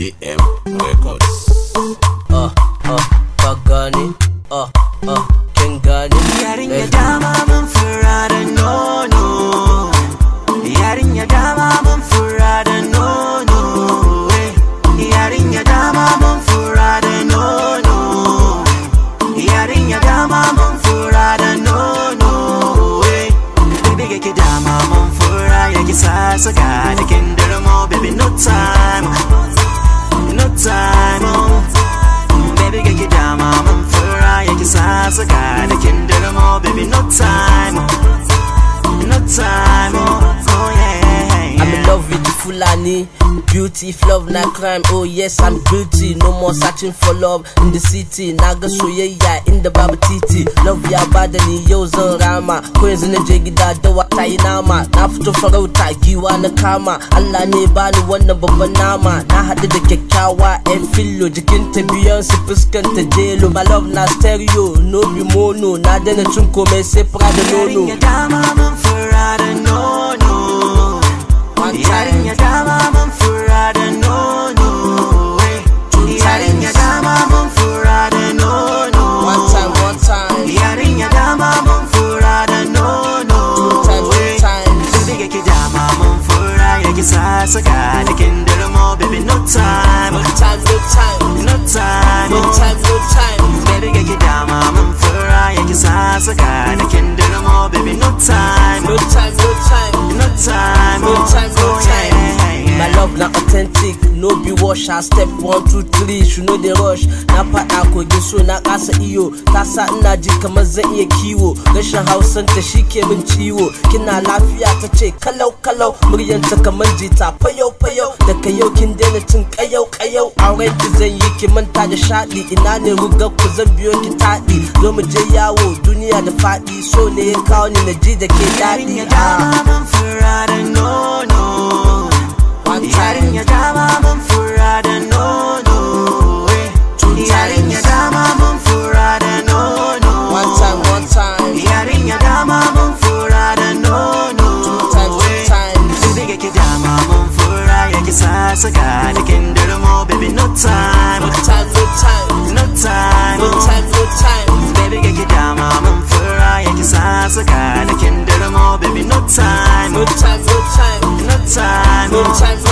BM Records. Uh, uh, Pagani. Uh, uh. money beauty if love na crime oh yes i'm guilty no more searching for love in the city na ga soyayya inda babu titi love ya da ni yau zan rama ko yanzu na je gida da wata yi nama na fito farauta giwa na kama allah ne bani wannan babban nama na haɗu da kyakkyawa yan fillo ta biyan su fuskanta jelo my love na stereo no be mono na dana cin komai sai da nono yarinya dama man fura eh. ya eh. baby no time no time no time no time no time wash a step one two three shi rush na faɗa kogin so na kasa iyo ta sa ina ji kamar zan iya kiwo rashin hausan ta shi ke min ciwo kina lafiya ta ce kalau kalau muryanta kamar jita fayau fayau da kayau kin daina cin kayau kayau auren ki zan yi ki manta da shaɗi ina ne rugar ku zan biyo ki taɗi zo mu je yawo duniya da faɗi so ne kawo ni na ji da ke daɗi. once I got it, can do no more, baby, no time. No time, no time, no time, no time, no time. Baby, get it down, I'm for I can size I got it, can do no more, baby, no time. No time, no time, no time, no time.